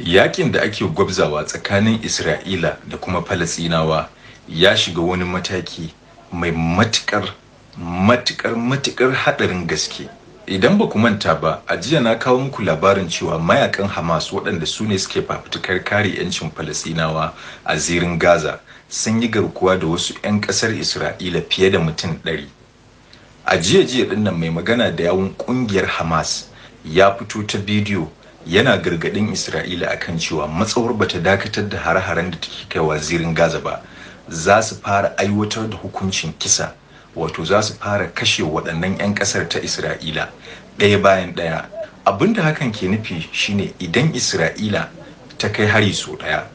yakin da ake gwabzawa tsakanin isra'ila da kuma falasinawa ya shiga wani mataki mai matukar matukar matukar hadarin gaske idan ba ku manta ba a jiya na kawo muku labarin cewa mayakan hamas waɗanda su ne suke fafutukar kare 'yancin falasinawa a zirin gaza sun yi garkuwa da wasu 'yan ƙasar isra'ila fiye da mutum 100 a jiya jiya ɗinnan mai magana da yawun ƙungiyar hamas ya fito ta bidiyo yana gargadin isra'ila akan cewa matsawar bata dakatar da hare-haren da take kaiwa zirin gaza ba za su fara aiwatar da hukuncin kisa wato za su fara kashe waɗannan 'yan ƙasar ta isra'ila ɗaya bayan ɗaya da hakan ke nufi shine idan isra'ila ta kai hari sau ɗaya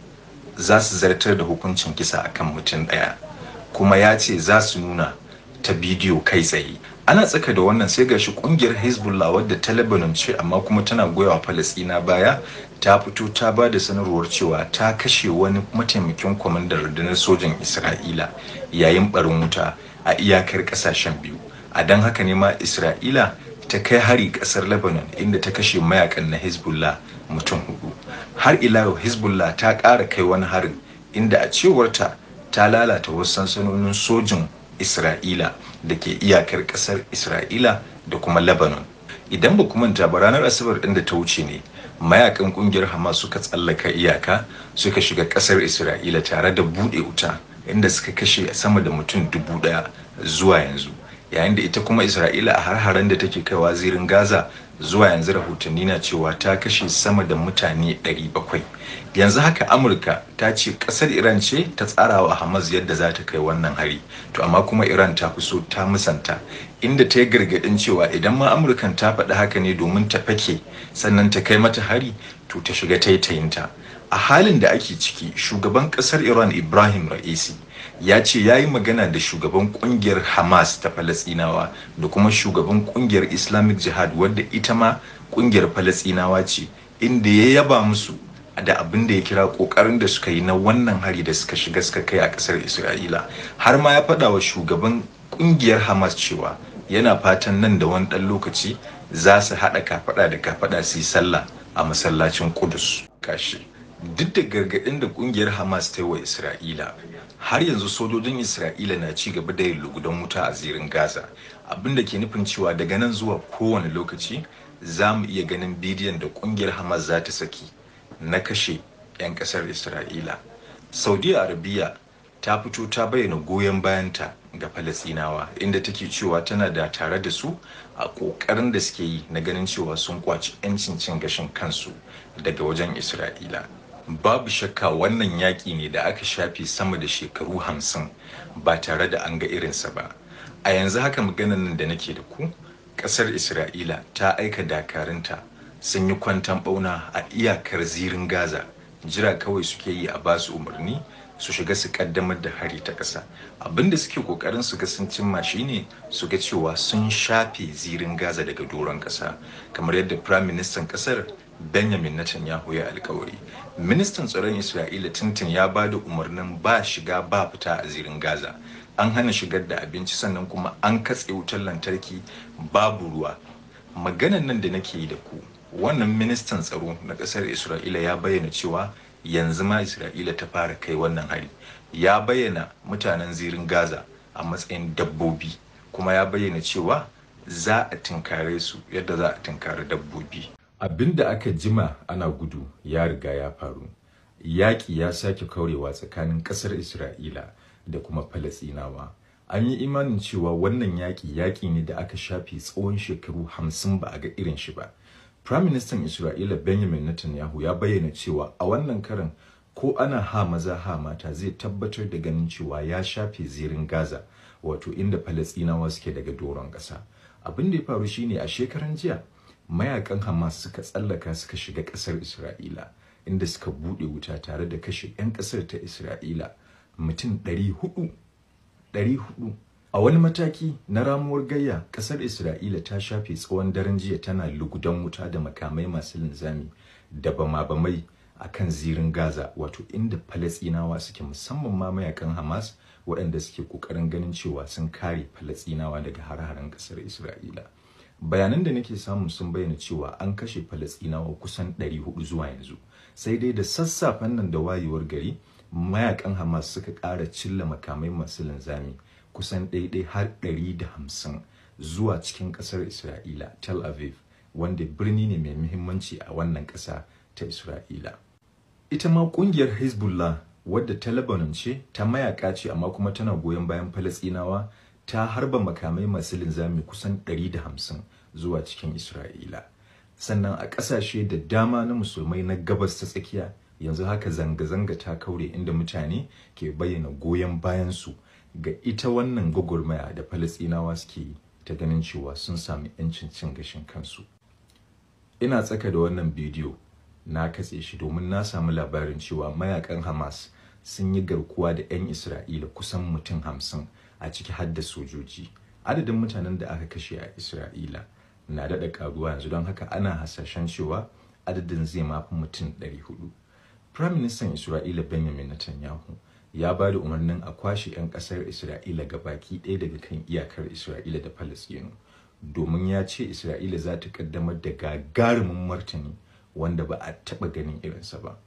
za su zartar da hukuncin kisa akan mutum ɗaya kuma ya ce za su nuna ta bidiyo kai tsaye ana tsaka da wannan sai gashi kungiyar hezbollah wadda ta lebanon ce amma kuma tana goyawa falasina baya ta fito ta ba da sanarwar cewa ta kashe wani mataimakin kwamandar rundunar sojan isra'ila yayin barin wuta a iyakar kasashen biyu a don haka ne ma isra'ila ta kai hari kasar lebanon inda ta kashe mayakan na hezbollah mutum hudu har ila yau hezbollah ta kara kai wani harin inda a cewarta ta lalata wasu sansanonin sojin isra'ila da ke iyakar ƙasar isra'ila da kuma lebanon idan ba manta ba ranar asabar ɗin da ta wuce ne mayakan ƙungiyar hamas suka tsallaka iyaka suka shiga ƙasar isra'ila tare da buɗe wuta inda suka kashe sama da mutum dubu ɗaya zuwa yanzu yayin da ita kuma isra'ila a har-haren da take kaiwa zirin gaza zuwa yanzu rahotanni na cewa ta kashe sama da mutane 700 yanzu haka amurka ta ce kasar iran ce ta tsara wa hamas yadda za ta kai wannan hari to amma kuma iran ta fi so ta musanta inda ta yi gargaɗin cewa idan ma amurkan ta faɗi haka ne domin ta fake sannan ta kai mata hari to ta shiga taitayinta a halin da ake ciki shugaban kasar iran ibrahim ra'isi ya ce ya yi magana da shugaban kungiyar hamas ta falasinawa da kuma shugaban kungiyar islamic jihad wadda ita ita ma kungiyar falasinawa ce inda ya yaba musu da abin da ya kira kokarin da suka yi na wannan hari da suka shiga suka kai a ƙasar isra'ila har ma ya faɗa wa shugaban ƙungiyar hamas cewa yana fatan nan da wani ɗan lokaci za su haɗa kafaɗa da kafaɗa su yi sallah a masallacin kudus kashi duk da gargaɗin da kungiyar hamas ta yi wa isra'ila har yanzu sojojin isra'ila na ci gaba da yin lugudan wuta a zirin gaza abin da ke nufin cewa daga nan zuwa kowane lokaci za mu iya ganin bidiyon da kungiyar hamas za ta saki na kashe 'yan kasar isra'ila saudi Arabiya ta fito ta bayyana goyon bayanta ga falasinawa inda take cewa tana da tare da su a kokarin da suke yi na ganin cewa sun kwaci 'yancin cin gashin kansu daga wajen isra'ila babu shakka wannan yaƙi ne da aka shafe sama da shekaru hamsin ba tare da an ga irinsa ba a yanzu haka maganan nan da nake da ku ƙasar isra'ila ta aika dakarunta sun yi kwantan ɓauna a iyakar zirin gaza jira kawai suke yi a basu umarni su shiga su kaddamar da hari ta ƙasa abinda suke ƙoƙarin su ga sun cimma shine su ga cewa sun shafe zirin gaza daga doron ƙasa kamar yadda firaministan ƙasar benjamin netanyahu ya alkawari ministan tsaron isra'ila tintin ya ba da umarnin ba shiga ba fita a zirin gaza an hana shigar da abinci sannan kuma an katse wutar lantarki babu ruwa maganan nan da nake yi da ku wannan ministan tsaro na ƙasar isra'ila ya bayyana cewa yanzu ma isra'ila ta fara kai wannan hari ya bayyana mutanen zirin gaza a matsayin dabbobi kuma ya bayyana cewa za a tinkare su yadda za a tinkari dabbobi Abin da aka jima ana gudu ya riga ya faru yaƙi ya sake kaurewa tsakanin ƙasar isra'ila da kuma falasinawa an yi imanin cewa wannan yaƙi yaƙi ne da aka shafe tsawon shekaru hamsin ba a ga irin shi ba Firaministan isra'ila benjamin netanyahu ya bayyana cewa a wannan karan ko ana ha maza ha mata zai tabbatar da ganin cewa ya shafe zirin gaza wato inda falasinawa suke daga doron ƙasa abin da ya faru shine a shekaran jiya mayakan Hamas suka tsallaka suka shiga ƙasar Isra'ila inda suka buɗe wuta tare da kashe 'yan ƙasar ta Isra'ila mutum 400 400 a wani mataki na ramuwar gayya ƙasar Isra'ila ta shafe tsawon daren jiya tana lugudan wuta da makamai masu linzami da bama-bamai a kan zirin Gaza wato inda Falasɗinawa suke musamman ma mayakan Hamas waɗanda suke ƙoƙarin ganin cewa sun kare Falasɗinawa daga har-haren ƙasar Isra'ila. bayanan da nake samu sun bayyana cewa an kashe falastinawa kusan 400 zuwa yanzu sai dai da sassafen nan da wayewar gari mayakan hamas suka ƙara cilla makamai masu linzami kusan ɗaiɗai har 150 zuwa cikin ƙasar isra'ila tel aviv wanda birni ne mai muhimmanci a wannan ƙasa ta isra'ila ita ma ƙungiyar hezbollah wadda ta labanance, ta mayaka ce amma kuma tana goyon bayan falastinawa ta harba makamai masu linzami kusan 150 zuwa cikin Isra'ila. Sannan a ƙasashe da dama na musulmai na gabas ta tsakiya yanzu haka zanga-zanga ta kaure inda mutane ke bayyana goyon bayansu ga ita wannan gwagwarmaya da Falasɗinawa suke yi ta ganin cewa sun sami 'yancin cin gashin kansu. Ina tsaka da wannan bidiyo na katse shi domin na samu labarin cewa mayakan Hamas sun yi garkuwa da 'yan Isra'ila kusan mutum hamsin a ciki hadda sojoji adadin mutanen da aka kashe a isra'ila na daɗa ƙaruwa yanzu don haka ana hasashen cewa adadin zai mafi mutum 400 prime minister isra'ila benjamin netanyahu ya ba da umarnin a kwashe 'yan ƙasar isra'ila ga baki ɗaya daga kan iyakar isra'ila da falastinu domin ya ce isra'ila za ta ƙaddamar da gagarumin martani wanda ba a taɓa ganin irinsa ba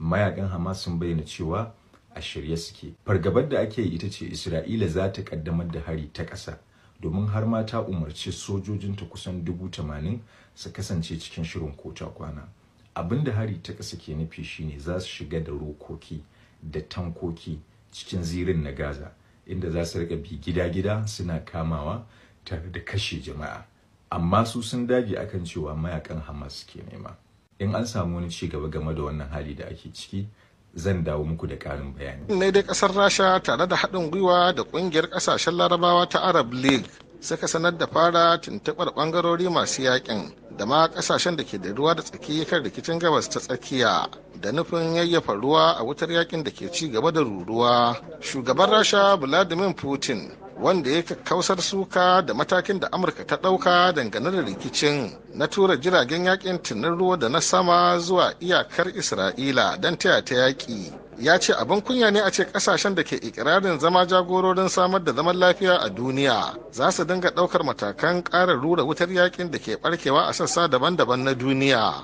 mayakan hamas sun bayyana cewa a shirye suke fargabar da ake yi ita ce isra'ila za ta kaddamar da hari ta ƙasa domin har ma ta umarci sojojinta kusan dubu tamanin su kasance cikin shirin kota kwana abin da hari ta ƙasa ke nufi shine za su shiga da rokoki da tankoki cikin zirin na gaza inda za su riƙa bi gida-gida suna kamawa tare da kashe jama'a amma su sun dage akan cewa mayakan hamas ke nema in an samu wani ci gaba game da wannan hali da ake ciki zan dawo muku da karin bayani. ne dai kasar rasha tare da haɗin gwiwa da ƙungiyar ƙasashen larabawa ta arab league suka sanar da fara tuntuɓar ɓangarori masu yakin da ma ƙasashen da ke da ruwa da tsaki kan rikicin gabas ta tsakiya da nufin yayyafa ruwa a wutar yakin da ke ci gaba da ruruwa shugaban rasha vladimir putin wanda ya kakkausar suka da matakin da amurka ta ɗauka dangane da rikicin na tura jiragen yakin tunan ruwa da na sama zuwa iyakar isra'ila don taya ta yaƙi ya ce abin kunya ne a ce kasashen da ke ikirarin zama jagororin samar da zaman lafiya a duniya za su dinga daukar matakan kara rura wutar yakin da ke barkewa a sassa daban-daban na duniya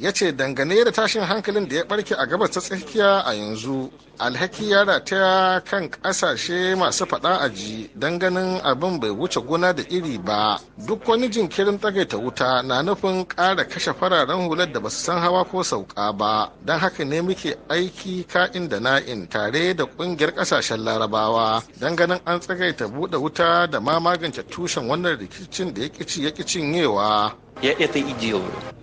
ya ce dangane da tashin hankalin da ya barke a gabas ta tsakiya a yanzu alhaki ya rataya kan kasashe masu faɗa a ji don ganin abin bai wuce gona da iri ba duk wani jinkirin tsagaita wuta na nufin ƙara kashe fararen hular da ba su san hawa ko sauka ba don haka ne muke aiki ka'in da na'in tare da kungiyar kasashen larabawa don ganin an tsagaita buɗe wuta da ma magance tushen wannan rikicin da ya kici ya cinyewa ya ta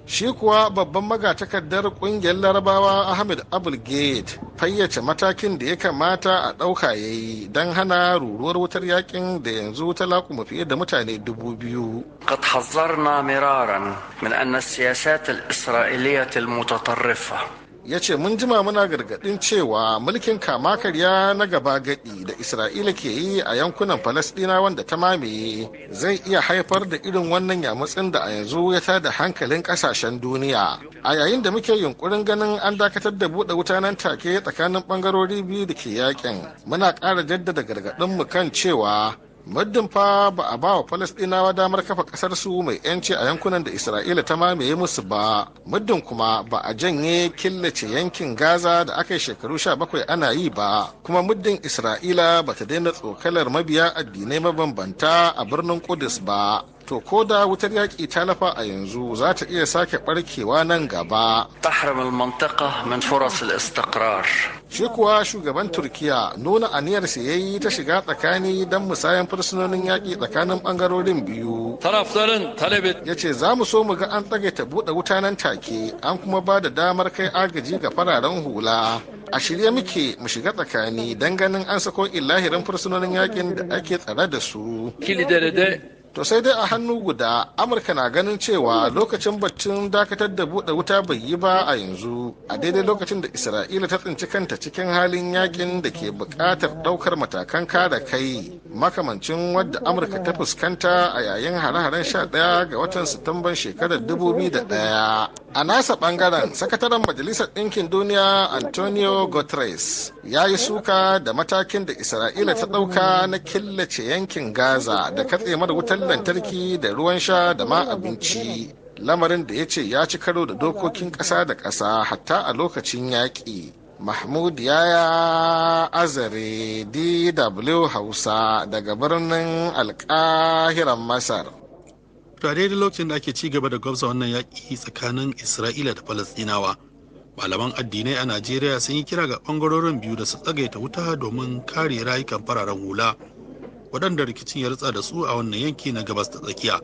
shi kuwa babban magatakardar kungiyar larabawa ahmed abulgate fayyace matakin da ya kamata a ɗauka ya yi don hana ruruwar wutar yakin da yanzu ta lakuma fiye da mutane dubu biyu قد حذرنا مرارا من أن السياسات الإسرائيلية المتطرفة ya ce mun jima muna gargadin cewa mulkin kama karya na gaba gadi da isra'ila ke yi a yankunan falasdina wanda ta mamaye zai iya haifar da irin wannan yamutsin da a yanzu ya tada hankalin kasashen duniya a yayin da muke yunkurin ganin an dakatar da buɗe wuta nan take tsakanin bangarori biyu da ke yakin muna ƙara jaddada gargadin mu kan cewa muddin fa ba a ba wa falasɗinawa damar kafa ƙasarsu mai yanci a yankunan da isra'ila ta mamaye musu ba muddin kuma ba a janye killace yankin gaza da aka yi shekaru sha bakwai ana yi ba kuma muddin isra'ila ba ta daina tsokalar mabiya addinai mabambanta a birnin kudus ba to ko da wutar yaƙi ta lafa a yanzu za ta iya sake ɓarkewa nan gaba shi kuwa shugaban turkiya nuna aniyar yayi ta shiga tsakani don musayan fursunonin yaƙi tsakanin ɓangarorin biyu ya ce za mu so mu ga an ta buɗe wuta nan take an kuma ba da damar kai agaji ga fararen hula a shirya muke mu shiga tsakani don ganin an sako illahirin fursunonin yaƙin da ake tsare da su to sai dai a hannu guda amurka na ganin cewa lokacin baccin dakatar da buɗe wuta bai yi ba a yanzu a daidai lokacin da isra'ila ta tsinci kanta cikin halin yakin da ke buƙatar ɗaukar matakan kada kai makamancin wadda amurka ta fuskanta a yayin hare-haren 11 ga watan satumban shekarar 2001 a nasa bangaren sakataren majalisar ɗinkin duniya antonio guterres ya yi suka da matakin da isra'ila ta ɗauka na killace yankin gaza da katse mara wutar lantarki da ruwan sha da ma abinci lamarin da ya ce ya ci karo da dokokin ƙasa da ƙasa hatta a lokacin yaƙi mahmud yaya azare dw hausa daga birnin alƙahiran masar to da lokacin da ake ci gaba da gwamsa wannan yaƙi tsakanin isra'ila da falasdinawa malaman addinai a najeriya sun yi kira ga ɓangarorin biyu da su tsagaita wuta domin kare rayukan fararen hula waɗanda rikicin ya rutsa da su a wannan yanki na gabas ta tsakiya